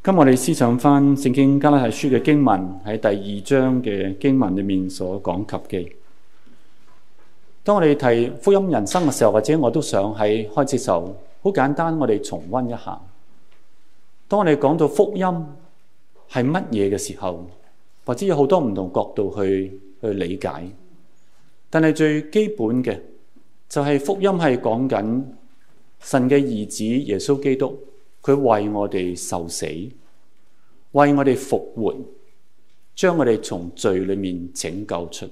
今日我哋思想返《聖經加拉太書》嘅經文喺第二章嘅經文裏面所講及嘅。當我哋提福音人生嘅時候，或者我都想喺開始的時候，好簡單，我哋重温一下。當我哋講到福音係乜嘢嘅時候，或者有好多唔同角度去去理解，但係最基本嘅就係福音係講緊神嘅兒子耶穌基督。佢為我哋受死，為我哋復活，將我哋從罪裏面拯救出嚟。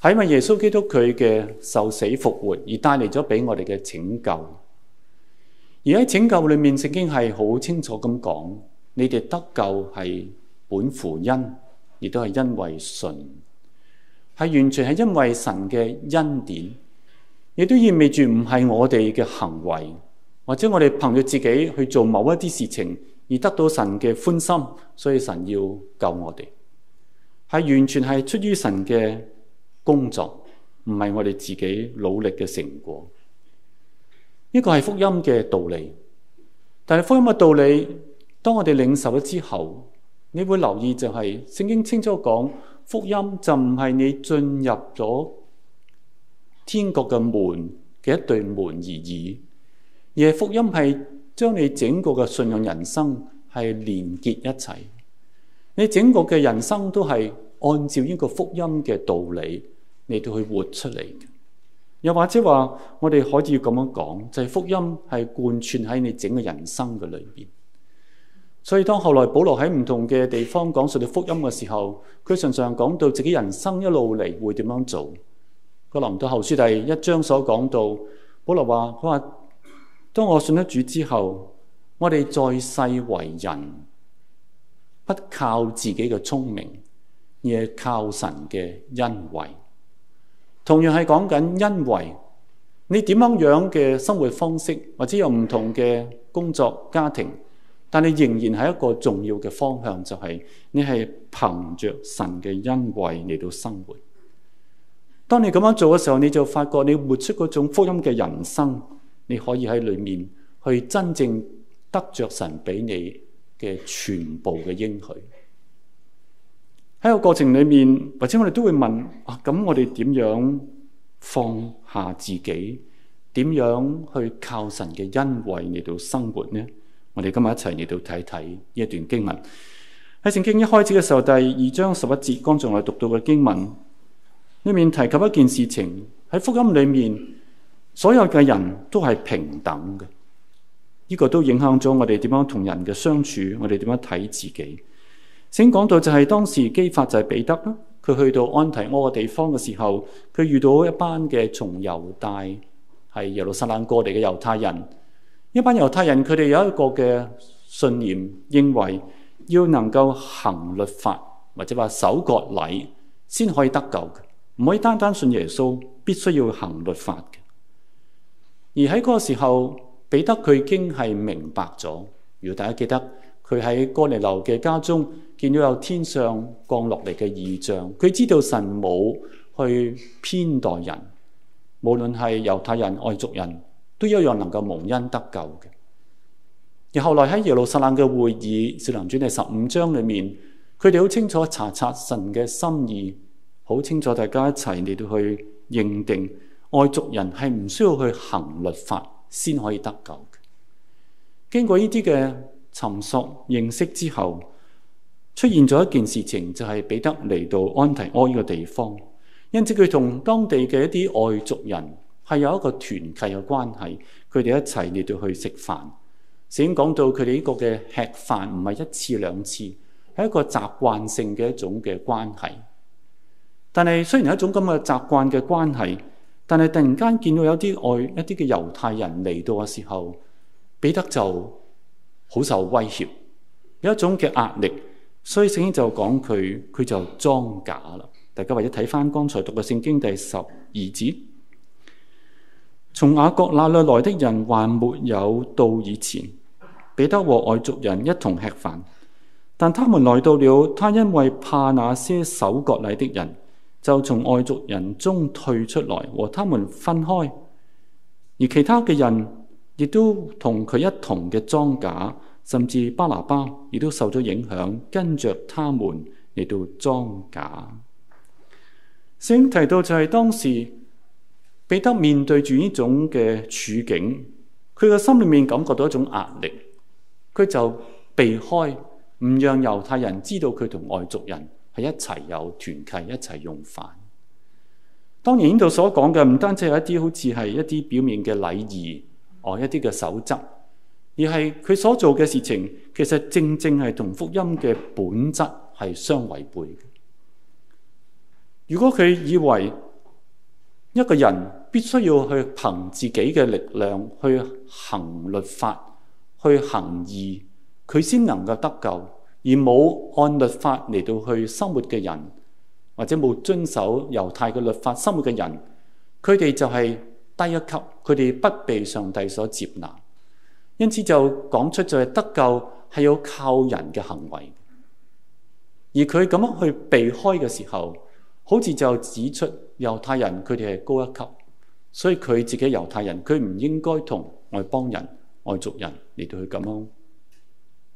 係因為耶穌基督佢嘅受死復活，而帶嚟咗俾我哋嘅拯救。而喺拯救裏面，聖經係好清楚咁講：你哋得救係本乎恩，亦都係因，因為信，係完全係因為神嘅恩典，亦都意味住唔係我哋嘅行為。或者我哋憑住自己去做某一啲事情而得到神嘅歡心，所以神要救我哋，係完全係出於神嘅工作，唔係我哋自己努力嘅成果。呢個係福音嘅道理，但係福音嘅道理，當我哋領受咗之後，你會留意就係、是、聖經清楚講，福音就唔係你進入咗天國嘅門嘅一對門而已。而係福音係將你整個嘅信仰人生係連結一齊，你整個嘅人生都係按照呢個福音嘅道理嚟到去活出嚟嘅。又或者話我哋可以咁樣講，就係福音係貫穿喺你整個人生嘅裏邊。所以當後來保羅喺唔同嘅地方講述你福音嘅時候，佢常常講到自己人生一路嚟會點樣做。佢嚟到後書第一章所講到，保羅話佢話。當我信咗主之後，我哋在世為人，不靠自己嘅聰明，而係靠神嘅恩惠。同樣係講緊恩惠。你點樣樣嘅生活方式，或者有唔同嘅工作、家庭，但你仍然係一個重要嘅方向，就係、是、你係憑着神嘅恩惠嚟到生活。當你咁樣做嘅時候，你就發覺你活出嗰種福音嘅人生。你可以喺裏面去真正得着神俾你嘅全部嘅應許。喺個過程裏面，或者我哋都會問：啊，咁我哋點樣放下自己？點樣去靠神嘅恩惠嚟到生活呢？我哋今日一齊嚟到睇睇呢一段經文。喺聖經一開始嘅時候，第二章十一節，剛仲我讀到嘅經文裏面提及一件事情喺福音裏面。所有嘅人都係平等嘅，呢、這個都影響咗我哋點樣同人嘅相處，我哋點樣睇自己。先講到就係當時基法就係彼得啦，佢去到安提阿嘅地方嘅時候，佢遇到一班嘅從猶大係耶路撒冷過嚟嘅猶太人。一班猶太人佢哋有一個嘅信念，認為要能夠行律法或者話守割禮先可以得救，唔可以單單信耶穌，必須要行律法嘅。而喺嗰個時候，彼得佢已經係明白咗。如果大家記得，佢喺哥尼流嘅家中見到有天上降落嚟嘅異象，佢知道神冇去偏待人，無論係猶太人、外族人，都一樣能夠蒙恩得救嘅。而後來喺耶路撒冷嘅會議，使徒行傳第十五章裏面，佢哋好清楚查察神嘅心意，好清楚大家一齊嚟到去認定。外族人係唔需要去行律法先可以得救嘅。經過呢啲嘅尋索認識之後，出現咗一件事情，就係、是、彼得嚟到安提阿呢個地方，因此佢同當地嘅一啲外族人係有一個團契嘅關係，佢哋一齊嚟到去食飯。先講到佢哋呢個嘅吃飯唔係一次兩次，係一個習慣性嘅一種嘅關係。但係雖然有一種咁嘅習慣嘅關係。但係突然間見到有啲外一啲嘅猶太人嚟到嘅時候，彼得就好受威脅，有一種嘅壓力，所以聖經就講佢佢就裝假啦。大家或者睇翻剛才讀嘅聖經第十二節，從雅各那裡來的人還沒有到以前，彼得和外族人一同吃飯，但他們來到了，他因為怕那些守割禮的人，就從外族人中退出來，和他們分開，而其他嘅人亦都同佢一同嘅裝假，甚至巴拿巴亦都受咗影響，跟着他們嚟到裝假。先提到就係當時彼得面對住呢種嘅處境，佢嘅心裏面感覺到一種壓力，佢就避開，唔讓猶太人知道佢同外族人。係一齊有團契，一齊用飯。當然呢度所講嘅唔單止係一啲好似係一啲表面嘅禮儀，哦，一啲嘅守則，而係佢所做嘅事情，其實正正係同福音嘅本質係相違背嘅。如果佢以為一個人必須要去憑自己嘅力量去行律法、去行義，佢先能夠得救。而冇按律法嚟到去生活嘅人，或者冇遵守猶太嘅律法生活嘅人，佢哋就係低一級，佢哋不被上帝所接納。因此就講出就係得救係要靠人嘅行為。而佢咁樣去避開嘅時候，好似就指出猶太人佢哋係高一級，所以佢自己猶太人佢唔應該同外邦人、外族人嚟到去咁樣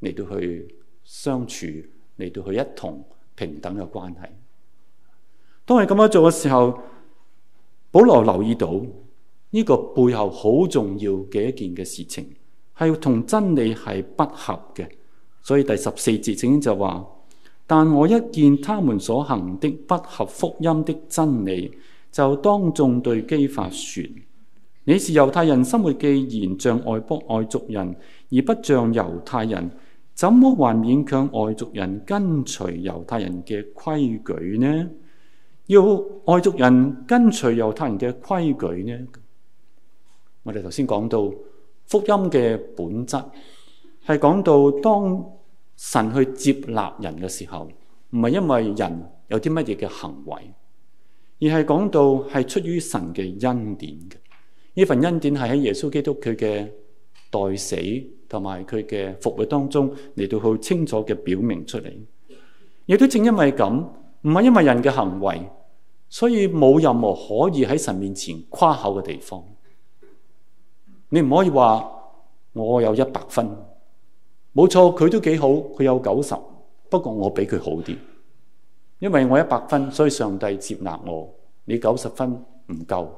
嚟到去。相處嚟到佢一同平等嘅關係，當你咁樣做嘅時候，保羅留，留意到呢、呢個背後好重要嘅一件嘅事情，係同真理係不合嘅，所以第十四節正正就話：但我一見他們所行的不合福音的真理，就當眾對基法説：你是猶太人，生活既然像外邦外族人，而不像猶太人。怎麼還勉強外族人跟隨猶太人嘅規矩呢？要外族人跟隨猶太人嘅規矩呢？我哋頭先講到福音嘅本質，係講到當神去接納人嘅時候，唔係因為人有啲乜嘢嘅行為，而係講到係出於神嘅恩典嘅。呢份恩典係喺耶穌基督佢嘅代死。同埋佢嘅復活當中嚟到好清楚嘅表明出嚟，亦都正因為咁，唔係因為人嘅行為，所以冇任何可以喺神面前誇口嘅地方。你唔可以話我有一百分，冇錯佢都幾好，佢有九十，不過我比佢好啲，因為我一百分，所以上帝接納我。你九十分唔夠。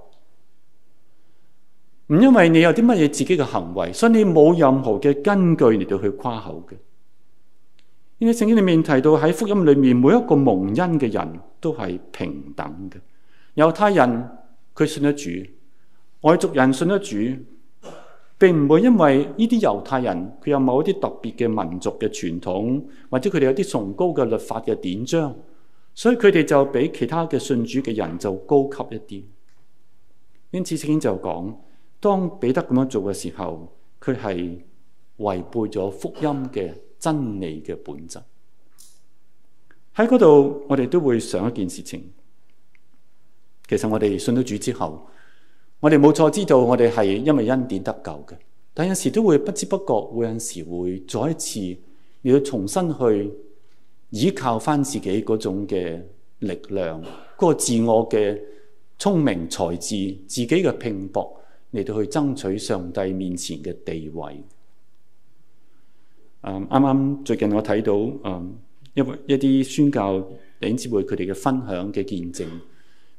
唔因為你有啲乜嘢自己嘅行為，所以你冇任何嘅根據嚟到去誇口嘅。因為聖經裏面提到喺福音裏面每一個蒙恩嘅人都係平等嘅，猶太人佢信得主，外族人信得主，並唔會因為呢啲猶太人佢有某一啲特別嘅民族嘅傳統，或者佢哋有啲崇高嘅律法嘅典章，所以佢哋就比其他嘅信主嘅人就高級一啲。因此聖經就講。當彼得咁樣做嘅時候，佢係違背咗福音嘅真理嘅本質。喺嗰度，我哋都會想一件事情。其實我哋信到主之後，我哋冇錯，知道我哋係因為恩典得救嘅。但有時都會不知不覺，會有時會再一次要重新去依靠翻自己嗰種嘅力量，嗰個自我嘅聰明才智，自己嘅拼搏。嚟到去爭取上帝面前嘅地位，嗯。誒，啱啱最近我睇到誒，因、嗯、一啲宣教領袖會佢哋嘅分享嘅見證，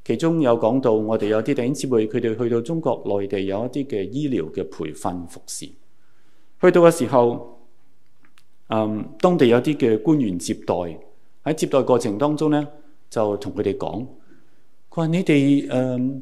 其中有講到我哋有啲領袖會佢哋去到中國內地有一啲嘅醫療嘅培訓服侍。去到嘅時候，誒、嗯，當地有啲嘅官員接待，喺接待過程當中咧，就同佢哋講，佢話你哋誒。嗯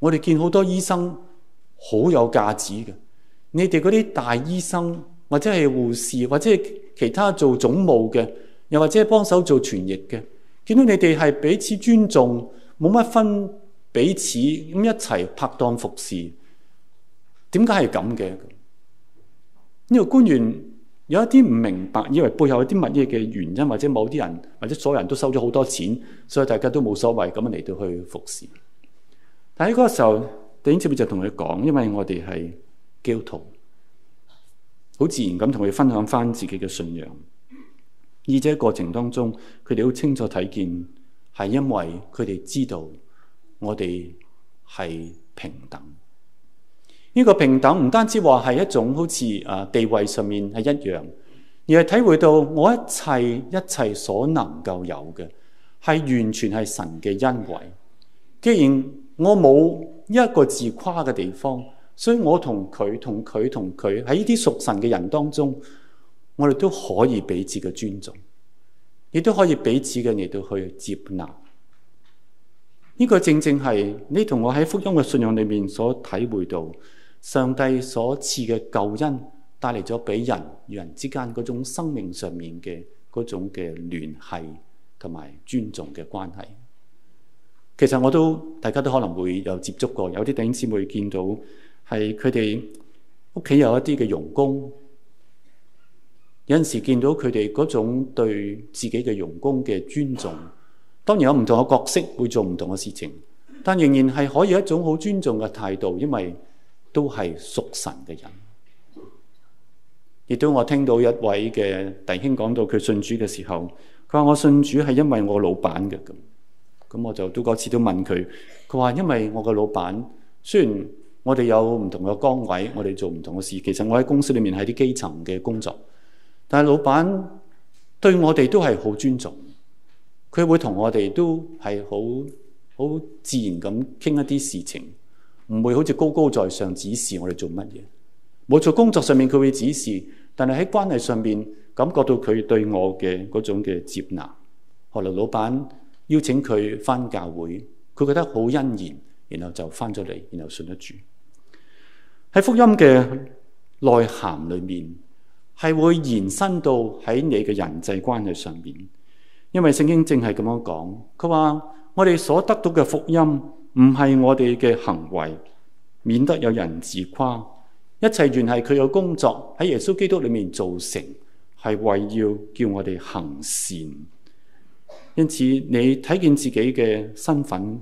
我哋見好多醫生好有價值嘅，你哋嗰啲大醫生或者係護士或者其他做總務嘅，又或者係幫手做傳譯嘅，見到你哋係彼此尊重，冇乜分彼此咁一齊拍檔服侍，點解係咁嘅？呢個官員有一啲唔明白，以為背後有啲乜嘢嘅原因，或者某啲人或者所有人都收咗好多錢，所以大家都冇所謂咁樣嚟到去服侍。喺嗰個時候，弟兄姊妹就同佢講，因為我哋係基督徒，好自然咁同佢分享翻自己嘅信仰。而且過程當中，佢哋好清楚睇見係因為佢哋知道我哋係平等。呢個平等唔單止話係一種好似啊地位上面係一樣，而係體會到我一切一切所能夠有嘅係完全係神嘅恩惠。既然我冇一個自誇嘅地方，所以我同佢、同佢、同佢喺呢啲屬神嘅人當中，我哋都可以彼此嘅尊重，亦都可以彼此嘅嚟到去接納。呢個正正係你同我喺福音嘅信仰裏面所體會到上帝所賜嘅救恩，帶嚟咗俾人與人之間嗰種生命上面嘅嗰種嘅聯繫同埋尊重嘅關係。其實我都，大家都可能會有接觸過，有啲弟兄姊妹見到係佢哋屋企有一啲嘅傭工，有陣時見到佢哋嗰種對自己嘅傭工嘅尊重。當然有唔同嘅角色會做唔同嘅事情，但仍然係可以一種好尊重嘅態度，因為都係屬神嘅人。亦都我聽到一位嘅弟兄講到佢信主嘅時候，佢話我信主係因為我老闆嘅，咁。咁我就都嗰次都問佢，佢話：因為我個老闆雖然我哋有唔同嘅崗位，我哋做唔同嘅事，其實我喺公司裏面係啲基層嘅工作，但係老闆對我哋都係好尊重，佢會同我哋都係好好自然咁傾一啲事情，唔會好似高高在上指示我哋做乜嘢。冇做工作上面佢會指示，但係喺關係上面感覺到佢對我嘅嗰種嘅接納。後來老闆。邀請佢翻教會，佢覺得好欣然，然後就翻咗嚟，然後信得住。喺福音嘅內涵裏面，係會延伸到喺你嘅人際關係上面。因為聖經正係咁樣講，佢話我哋所得到嘅福音唔係我哋嘅行為，免得有人自誇。一切原係佢嘅工作喺耶穌基督裏面造成，係為要叫我哋行善。因此，你睇見自己嘅身份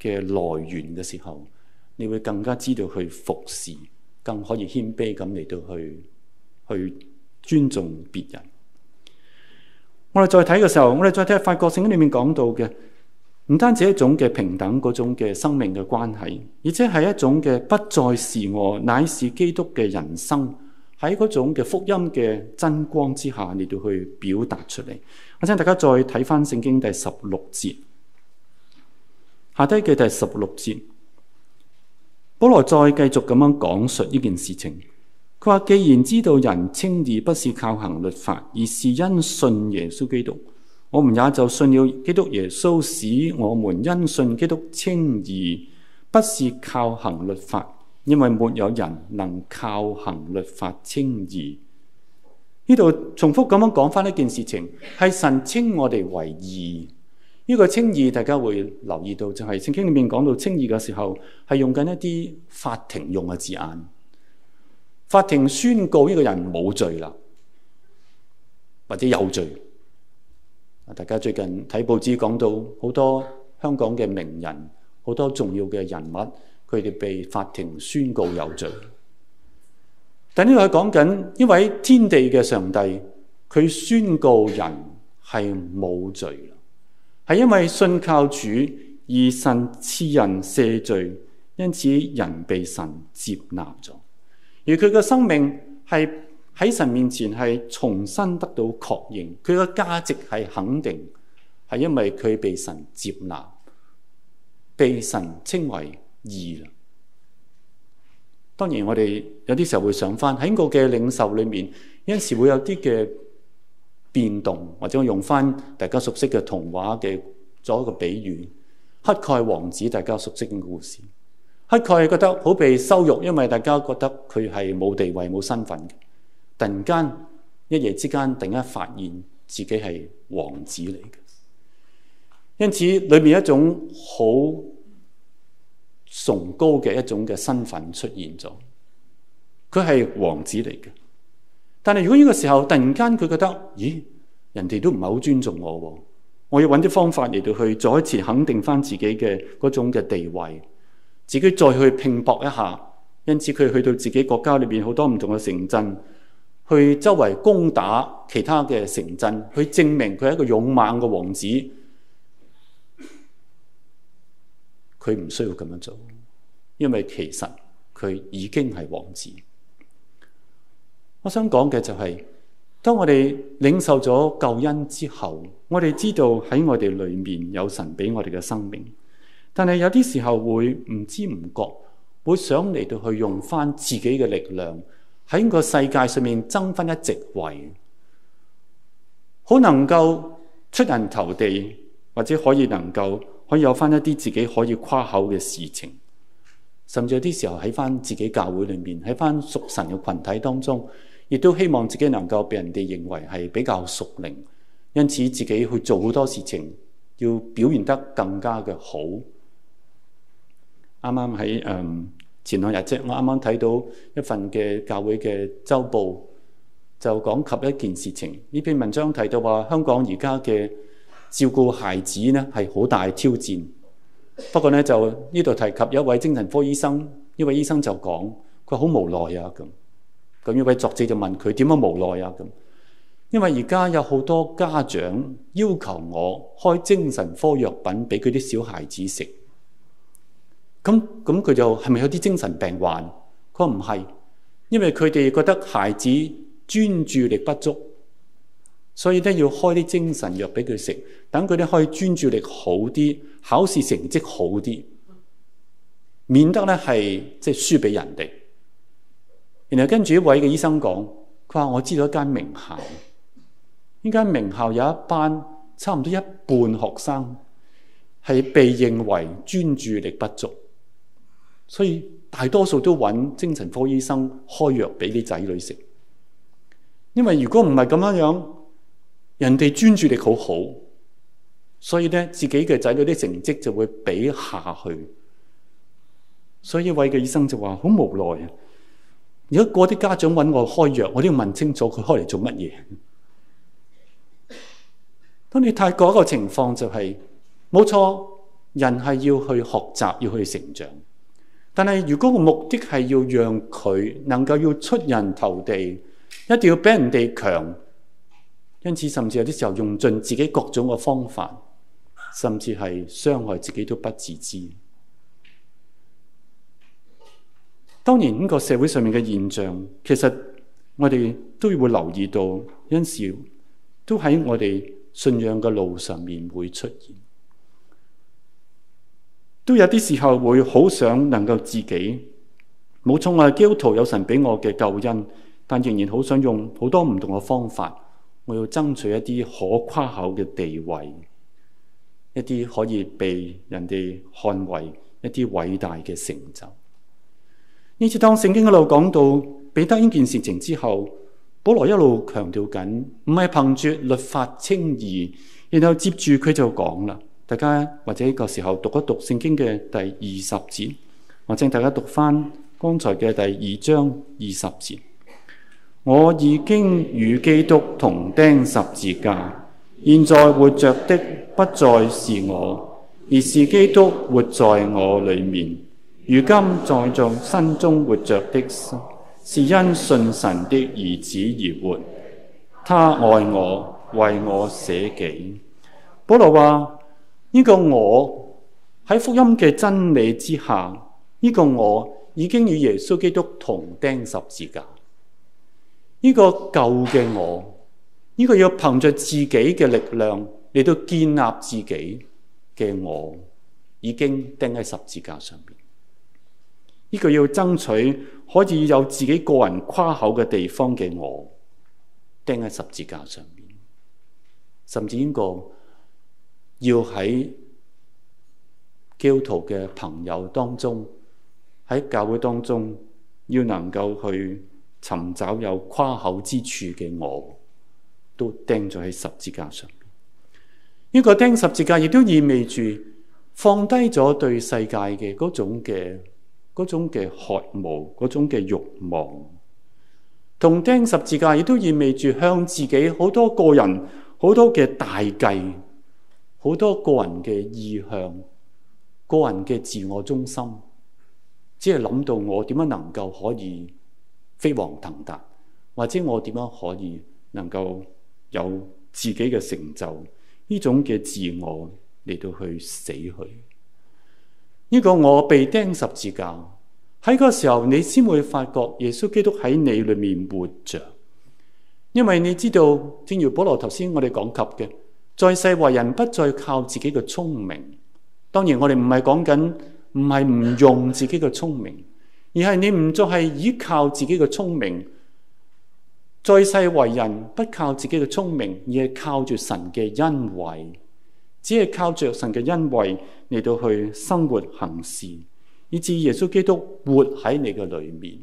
嘅來源嘅時候，你會更加知道去服侍，更可以謙卑咁嚟到去去尊重別人。我哋再睇嘅時候，我哋再睇發覺聖經裏面講到嘅，唔單止一種嘅平等嗰種嘅生命嘅關係，而且係一種嘅不再是我，乃是基督嘅人生，喺嗰種嘅福音嘅真光之下，你哋去表達出嚟。我請大家再睇返《聖經第十六節，下低嘅第十六節，保羅再繼續咁樣講述呢件事情。佢話既然知道人輕易不是靠行律法，而是因信耶穌基督，我們也就信了基督耶穌，使我們因信基督輕易不是靠行律法，因為沒有人能靠行律法輕易呢度重複咁樣講翻呢件事情，係神稱我哋為義。呢、這個稱義，大家會留意到，就係聖經裏面講到稱義嘅時候，係用緊一啲法庭用嘅字眼。法庭宣告呢個人冇罪啦，或者有罪。啊，大家最近睇報紙講到好多香港嘅名人，好多重要嘅人物，佢哋被法庭宣告有罪。但呢度佢講緊一位天地嘅上帝，佢宣告人係冇罪啦，係因為信靠主以神賜人赦罪，因此人被神接納咗，而佢嘅生命係喺神面前係重新得到確認，佢嘅價值係肯定，係因為佢被神接納，被神稱為義啦。當然，我哋有啲時候會想翻喺我嘅領袖裏面，有陣時會有啲嘅變動，或者我用翻大家熟悉嘅童話嘅做一個比喻，乞丐王子大家熟悉嘅故事。乞丐覺得好被羞辱，因為大家覺得佢係冇地位、冇身份嘅。突然間一夜之間，突然間發現自己係王子嚟嘅，因此裏面一種好崇高嘅一種嘅身份出現咗，佢係王子嚟嘅。但係如果呢個時候突然間佢覺得，咦，人哋都唔係好尊重我喎，哦，我要搵啲方法嚟到去再一次肯定返自己嘅嗰種嘅地位，自己再去拼搏一下。因此佢去到自己國家裏面好多唔同嘅城鎮，去周圍攻打其他嘅城鎮，去證明佢係一個勇猛嘅王子。佢唔需要咁樣做，因為其實佢已經係王子。我想講嘅就係，當我哋領受咗救恩之後，我哋知道喺我哋裏面有神俾我哋嘅生命。但係有啲時候會唔知唔覺，會想嚟到去用翻自己嘅力量喺個世界上面爭翻一席位，好能夠出人頭地。或者可以能夠可以有翻一啲自己可以誇口嘅事情，甚至有啲時候喺翻自己教會裏面，喺翻屬神嘅群體當中，亦都希望自己能夠被人哋認為係比較屬靈，因此自己去做好多事情，要表現得更加嘅好。啱啱喺誒前兩日啫，我啱啱睇到一份嘅教會嘅周報，就講及一件事情。呢篇文章提到話，香港而家嘅照顧孩子呢係好大挑戰，不過呢，就呢度提及一位精神科醫生，呢位醫生就講佢好無奈啊咁。咁呢位作者就問佢點樣無奈啊咁，因為而家有好多家長要求我開精神科藥品俾佢啲小孩子食。咁咁佢就係咪有啲精神病患？佢話唔係，因為佢哋覺得孩子專注力不足。所以都要開啲精神藥俾佢食，等佢哋可以專注力好啲，考試成績好啲，免得咧係即係輸俾人哋。然後跟住一位嘅醫生講，佢話我知道一間名校，呢間名校有一班差唔多一半學生係被認為專注力不足，所以大多數都搵精神科醫生開藥俾啲仔女食，因為如果唔係咁樣樣。人哋專注力好好，所以咧自己嘅仔女啲成績就會比下去。所以一位嘅醫生就話好無奈啊！如果嗰啲家長搵我開藥，我都要問清楚佢開嚟做乜嘢。當你太過一個情況就係、是、冇錯，人係要去學習，要去成長。但係如果個目的係要讓佢能夠要出人頭地，一定要比人哋強。因此，甚至有啲時候用盡自己各種嘅方法，甚至係傷害自己都不自知。當然，呢個社會上面嘅現象，其實我哋都會留意到，因此都喺我哋信仰嘅路上面會出現，都有啲時候會好想能夠自己冇錯啊。基督徒有神俾我嘅救恩，但仍然好想用好多唔同嘅方法。我要爭取一啲可誇口嘅地位，一啲可以被人哋看為一啲偉大嘅成就。呢次當聖經一路講到彼得呢件事情之後，保羅一路強調緊，唔係憑住律法稱義。然後接住佢就講啦，大家或者個時候讀一讀聖經嘅第二十節，或請大家讀翻剛才嘅第二章二十節。我已經與基督同釘十字架，現在活着的不再是我，而是基督活在我裏面。如今在眾心中活着的，是因信神的兒子而活。他愛我，為我捨己。保羅話：呢個我喺福音嘅真理之下，呢個我已經與耶穌基督同釘十字架。呢個舊嘅我，呢個要憑着自己嘅力量嚟到建立自己嘅我，已經釘喺十字架上面。呢個要爭取可以有自己個人誇口嘅地方嘅我，釘喺十字架上面。甚至呢個要喺基督徒嘅朋友當中，喺教會當中，要能夠去。尋找有誇口之處嘅我，都釘咗喺十字架上。呢個釘十字架亦都意味住放低咗對世界嘅嗰種嘅嗰種嘅渴慕，嗰種嘅慾望。同釘十字架亦都意味住向自己好多個人好多嘅大計，好多個人嘅意向，個人嘅自我中心，只係諗到我點樣能夠可以，飛黃騰達，或者我點樣可以能夠有自己嘅成就？呢種嘅自我嚟到去死去。呢個我被釘十字架喺個時候，你先會發覺耶穌基督喺你裏面活着。因為你知道，正如保羅頭先我哋講及嘅，在世為人不再靠自己嘅聰明。當然，我們不是，我哋唔係講緊，唔係唔用自己嘅聰明。而係你唔再係依靠自己嘅聰明，在世為人，不靠自己嘅聰明，而係靠住神嘅恩惠，只係靠着神嘅恩惠嚟到去生活行事，以至耶穌基督活喺你嘅裏面。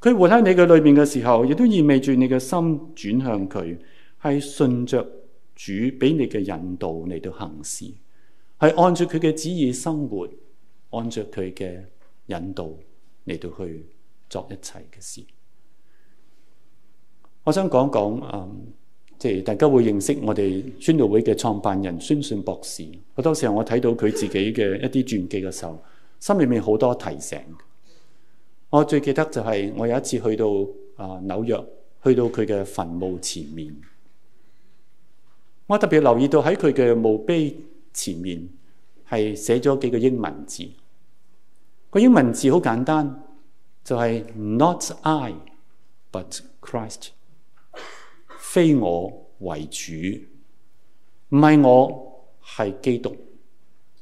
佢活喺你嘅裏面嘅時候，亦都意味住你嘅心轉向佢，係順着主俾你嘅引導嚟到行事，係按著佢嘅旨意生活，按着佢嘅。引導嚟到去作一切嘅事。我想講講，嗯，即係大家會認識我哋宣道會嘅創辦人宣信博士。好多時候我睇到佢自己嘅一啲傳記嘅時候，心裏面好多提醒。我最記得就係我有一次去到啊紐約，去到佢嘅墳墓前面，我特別留意到喺佢嘅墓碑前面係寫咗幾個英文字。個英文字好簡單，就係 Not I, but Christ。非我為主，唔係我係基督。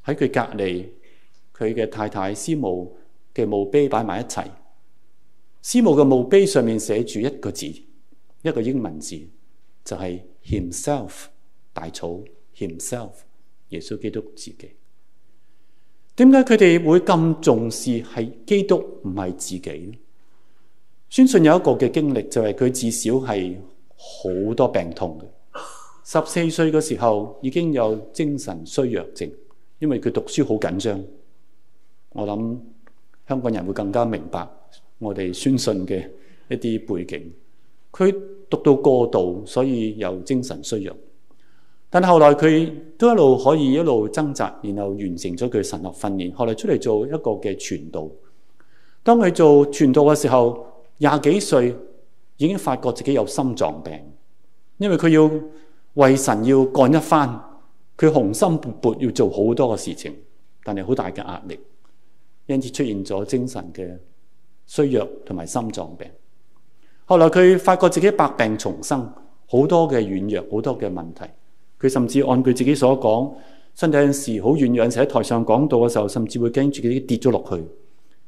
喺佢隔離，佢嘅太太師母嘅墓碑擺埋一齊。師母嘅墓碑上面寫住一個字，一個英文字，就係 Himself，大草 Himself，耶穌基督自己。點解佢哋會咁重視係基督，唔係自己呢？宣信有一個嘅經歷，就係佢自小係好多病痛嘅。十四歲嘅時候已經有精神衰弱症，因為佢讀書好緊張。我諗香港人會更加明白我哋宣信嘅一啲背景。佢讀到過度，所以有精神衰弱。但後來佢都一路可以一路掙扎，然後完成咗佢神學訓練。後來出嚟做一個嘅傳道。當佢做傳道嘅時候，廿幾歲已經發覺自己有心臟病，因為佢要為神要幹一番，佢雄心勃勃要做好多嘅事情，但係好大嘅壓力，因此出現咗精神嘅衰弱同埋心臟病。後來佢發覺自己百病重生，好多嘅軟弱，好多嘅問題。佢甚至按佢自己所講，身體有時好軟弱，有時喺台上講道嘅時候，甚至會驚住自己跌咗落去。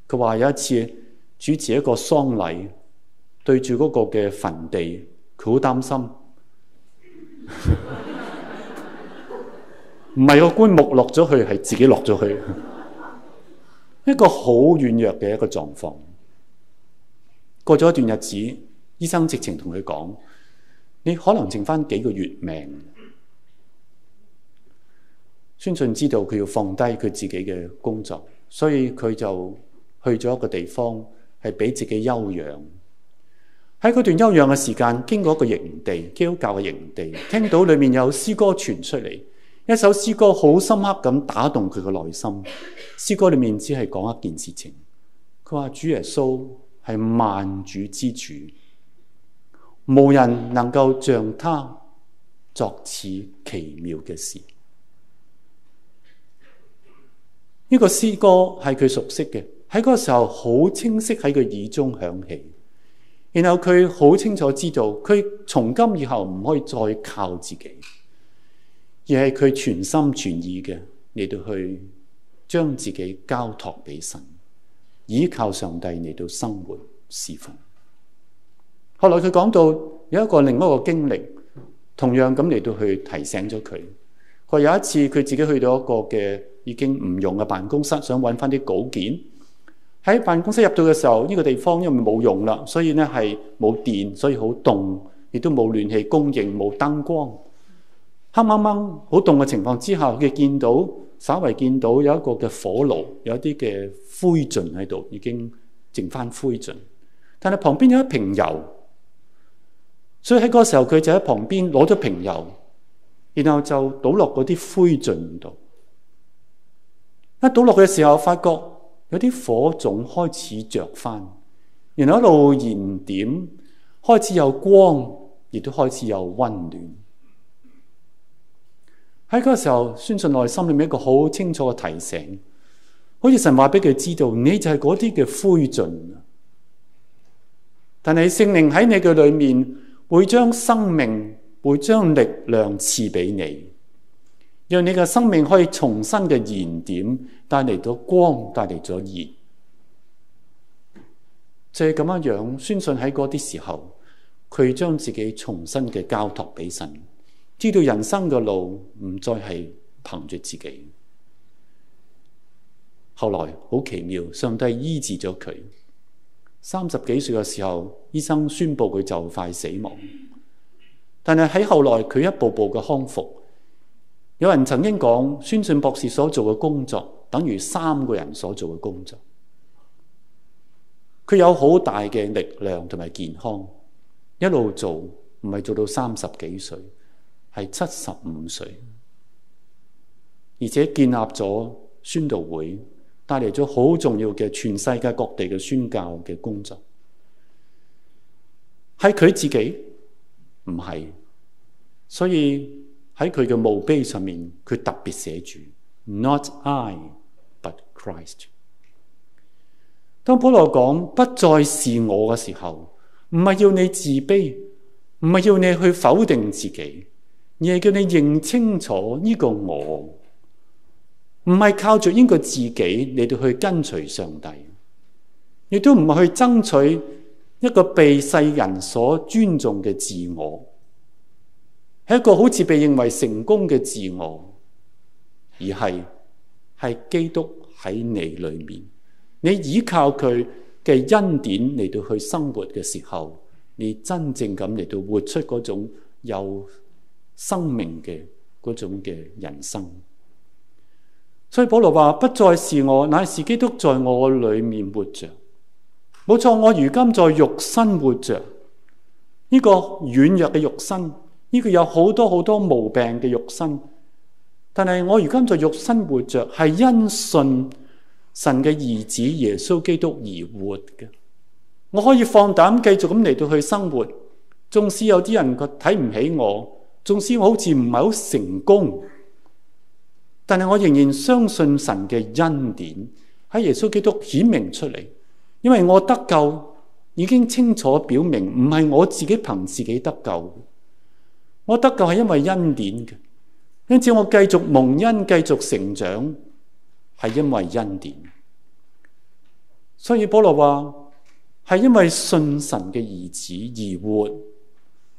佢話有一次主持一個喪禮，對住嗰個嘅墳地，佢好擔心，唔 係個棺木落咗去，係自己落咗去。 一個好軟弱嘅一個狀況。過咗一段日子，醫生直情同佢講：你可能剩翻幾個月命。宣信知道佢要放低佢自己嘅工作，所以佢就去咗一個地方，係俾自己休養。喺嗰段休養嘅時間，經過一個營地，基督教嘅營地，聽到裏面有詩歌傳出嚟，一首詩歌好深刻咁打動佢嘅內心。詩歌裏面只係講一件事情，佢話主耶穌係萬主之主，無人能夠像他作此奇妙嘅事。呢個詩歌係佢熟悉嘅，喺嗰個時候好清晰喺佢耳中響起，然後佢好清楚知道佢從今以後唔可以再靠自己，而係佢全心全意嘅嚟到去將自己交託俾神，依靠上帝嚟到生活侍奉。後來佢講到有一個另一個經歷，同樣咁嚟到去提醒咗佢，佢有一次佢自己去到一個嘅。已經唔用嘅辦公室，想揾翻啲稿件。喺辦公室入到嘅時候，呢個地方因為冇用啦，所以咧係冇電，所以好凍，亦都冇暖氣供應，冇燈光，黑掹掹、好凍嘅情況之下，佢見到稍為見到有一個嘅火爐，有一啲嘅灰燼喺度，已經剩翻灰燼。但係旁邊有一瓶油，所以喺嗰個時候佢就喺旁邊攞咗瓶油，然後就倒落嗰啲灰燼度。一倒落嘅時候，發覺有啲火種開始着返，然後一路燃點，開始有光，亦都開始有溫暖。喺嗰個時候，宣信內心裏面一個好清楚嘅提醒，好似神話俾佢知道，你就係嗰啲嘅灰燼。但係聖靈喺你嘅裏面，會將生命，會將力量賜俾你。讓你嘅生命可以重新嘅燃點，帶嚟咗光，帶嚟咗熱。就係咁樣樣，宣信喺嗰啲時候，佢將自己重新嘅交託俾神，知道人生嘅路唔再係憑住自己。後來好奇妙，上帝醫治咗佢。三十幾歲嘅時候，醫生宣佈佢就快死亡，但係喺後來佢一步步嘅康復。有人曾經講，宣信博士所做嘅工作等於三個人所做嘅工作。佢有好大嘅力量同埋健康，一路做唔係做到三十幾歲，係七十五歲，而且建立咗宣道會，帶嚟咗好重要嘅全世界各地嘅宣教嘅工作。係佢自己唔係，所以。喺佢嘅墓碑上面，佢特別寫住 Not I, but Christ。當保羅講不再是我嘅時候，唔係要你自卑，唔係要你去否定自己，而係叫你認清楚呢個我，唔係靠住呢個自己你哋去跟隨上帝，亦都唔係去爭取一個被世人所尊重嘅自我。係一個好似被認為成功嘅自我，而係係基督喺你裏面。你依靠佢嘅恩典嚟，到去生活嘅時候，你真正咁嚟到活出嗰種有生命嘅嗰種嘅人生。所以保羅話：不再是我，乃是基督在我裏面活着。冇錯，我如今在肉身活着，呢個軟弱嘅肉身。呢個有好多好多毛病嘅肉身，但係我如今在肉身活着，係因信神嘅兒子耶穌基督而活嘅。我可以放膽繼續咁嚟到去生活，縱使有啲人佢睇唔起我，縱使我好似唔係好成功，但係我仍然相信神嘅恩典，喺耶穌基督顯明出嚟，因為我得救已經清楚表明，唔係我自己憑自己得救。我得救是因為恩典嘅，因此我繼續蒙恩、繼續成長，是因為恩典。所以保羅說是因為信神嘅兒子而活，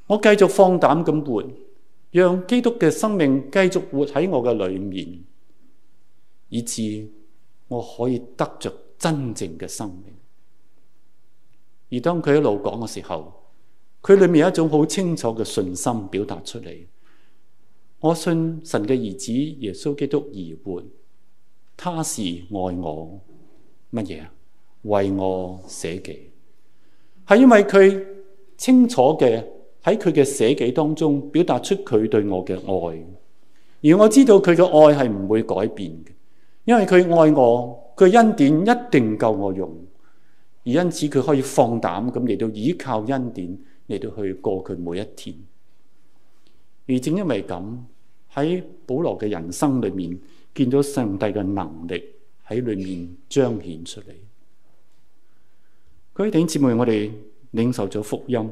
我繼續放膽咁活，讓基督嘅生命繼續活喺我嘅裏面，以致我可以得着真正嘅生命。而當佢一路講嘅時候。佢裏面有一種好清楚嘅信心表達出嚟。我信神嘅兒子耶穌基督而活，他是愛我乜嘢啊？為我捨己係，因為佢清楚嘅喺佢嘅捨己當中表達出佢對我嘅愛，而我知道佢嘅愛係唔會改變嘅，因為佢愛我，佢恩典一定夠我用，而因此佢可以放膽咁嚟到倚靠恩典。你都去過佢每一天，而正因為咁，喺保羅嘅人生裏面，見到上帝嘅能力喺裏面彰顯出嚟。各位弟兄姐妹，我哋領受咗福音。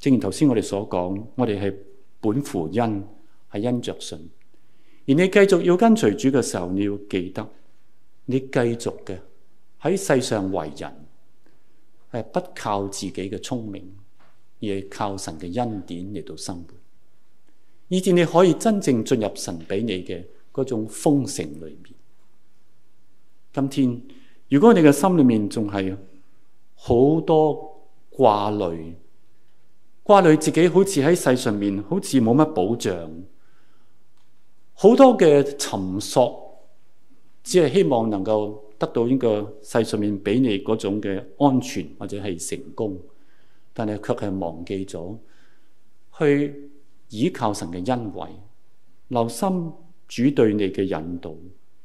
正如頭先我哋所講，我哋係本乎恩，係因着信。而你繼續要跟隨主嘅時候，你要記得，你繼續嘅喺世上為人，係不靠自己嘅聰明。而係靠神嘅恩典嚟到生活，以至你可以真正進入神俾你嘅嗰種豐盛裏面。今天，如果你嘅心裏面仲係好多掛慮，掛慮自己好似喺世上面好似冇乜保障，好多嘅尋索，只係希望能夠得到呢個世上面俾你嗰種嘅安全或者係成功。但係卻係忘記咗去倚靠神嘅恩惠，留心主對你嘅引導，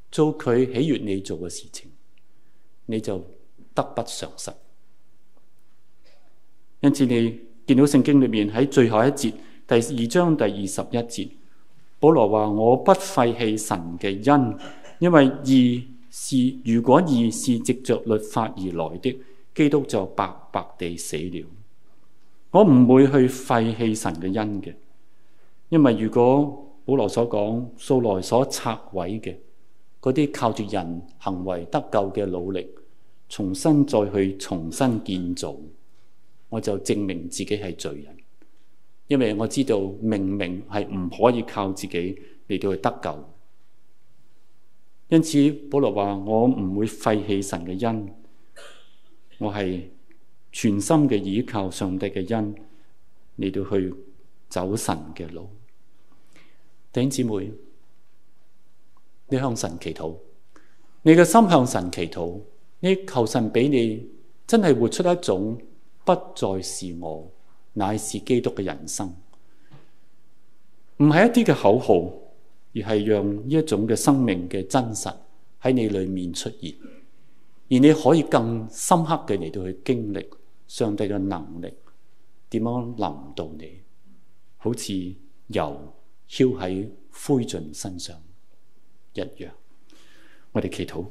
做佢喜悦你做嘅事情，你就得不償失。因此你，你見到聖經裏面喺最後一節第二章第二十一節，保羅話：我不廢棄神嘅恩，因為義是如果義是藉着律法而來的基督就白白地死了。我唔會去廢棄神嘅恩嘅，因為如果保羅所講素來所拆毀嘅嗰啲靠住人行為得救嘅努力，重新再去重新建造，我就證明自己係罪人，因為我知道明明係唔可以靠自己嚟到去得救。因此保羅話我唔會廢棄神嘅恩，我係全心嘅倚靠上帝嘅恩嚟到去走神嘅路，弟兄姊妹，你向神祈禱，你嘅心向神祈禱，你求神俾你真係活出一種不再是我，乃是基督嘅人生，唔係一啲嘅口號，而係讓呢一種嘅生命嘅真實喺你裏面出現，而你可以更深刻嘅嚟到去經歷。上帝嘅能力點樣臨到你，好似油撓喺灰燼身上一樣，我哋祈禱。